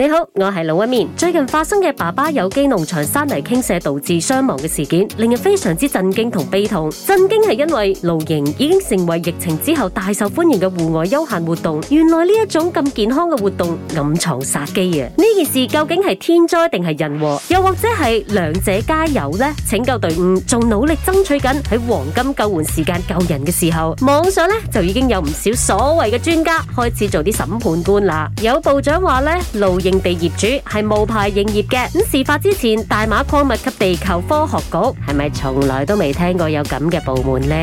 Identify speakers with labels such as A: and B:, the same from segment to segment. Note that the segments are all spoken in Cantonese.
A: 你好，我係老一面。最近發生嘅爸爸有機農場山泥傾瀉導致傷亡嘅事件，令人非常之震驚同悲痛。震驚係因為露營已經成為疫情之後大受歡迎嘅戶外休閒活動，原來呢一種咁健康嘅活動暗藏殺機啊！呢件事究竟係天災定係人禍？又或者係兩者皆有呢？拯救隊伍仲努力爭取緊喺黃金救援時間救人嘅時候，網上咧就已經有唔少所謂嘅專家開始做啲審判官啦。有部長話咧，露營。用地業主係無牌營業嘅，咁事發之前，大馬礦物及地球科學局係咪從來都未聽過有咁嘅部門呢？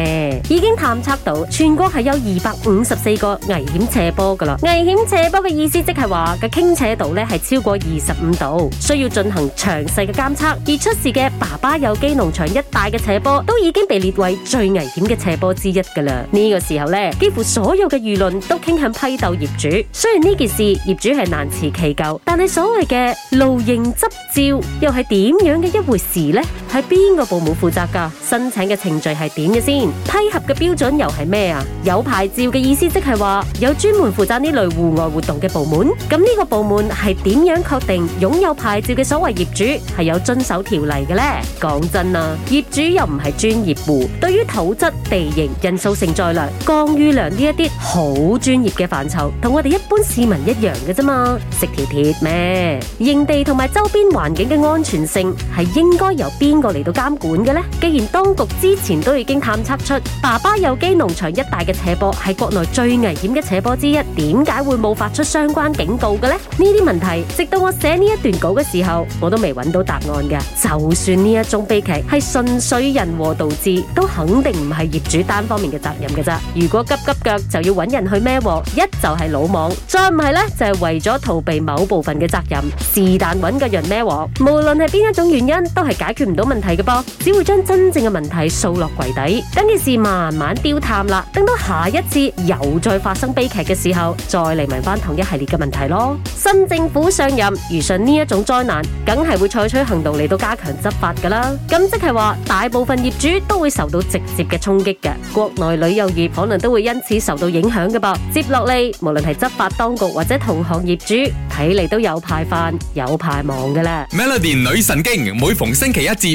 A: 已經探測到全國係有二百五十四個危險斜坡噶啦，危險斜坡嘅意思即係話個傾斜度咧係超過二十五度，需要進行詳細嘅監測。而出事嘅爸爸有機農場一帶嘅斜坡都已經被列為最危險嘅斜坡之一噶啦。呢、這個時候呢，幾乎所有嘅輿論都傾向批鬥業主，雖然呢件事業主係難辭其咎。但係所謂嘅露營執照又係點樣嘅一回事呢？係邊個部門負責噶？申請嘅程序係點嘅先？批核嘅標準又係咩啊？有牌照嘅意思即係話有專門負責呢類戶外活動嘅部門。咁呢個部門係點樣確定擁有牌照嘅所謂業主係有遵守條例嘅呢？講真啦，業主又唔係專業戶，對於土質地形、人數承載量、降雨量呢一啲好專業嘅範疇，同我哋一般市民一樣嘅啫嘛，食條鐵咩？營地同埋周邊環境嘅安全性係應該由邊？我嚟到監管嘅呢，既然當局之前都已經探測出爸爸有機農場一帶嘅斜坡係國內最危險嘅斜坡之一，點解會冇發出相關警告嘅呢？呢啲問題直到我寫呢一段稿嘅時候，我都未揾到答案嘅。就算呢一宗悲劇係純粹人禍導致，都肯定唔係業主單方面嘅責任嘅咋。如果急急腳就要揾人去孭鑊，一就係魯莽，再唔係呢，就係、是、為咗逃避某部分嘅責任。是但揾個人孭鑊，無論係邊一種原因，都係解決唔到問。問題嘅噃，只會將真正嘅問題掃落櫃底，等件事慢慢丟淡啦。等到下一次又再發生悲劇嘅時候，再嚟問翻同一系列嘅問題咯。新政府上任，遇上呢一種災難，梗係會採取行動嚟到加強執法噶啦。咁即係話，大部分業主都會受到直接嘅衝擊嘅。國內旅遊業可能都會因此受到影響嘅噃。接落嚟，無論係執法當局或者同行業主，睇嚟都有排飯有排忙嘅啦。Melody 女神經，每逢星期一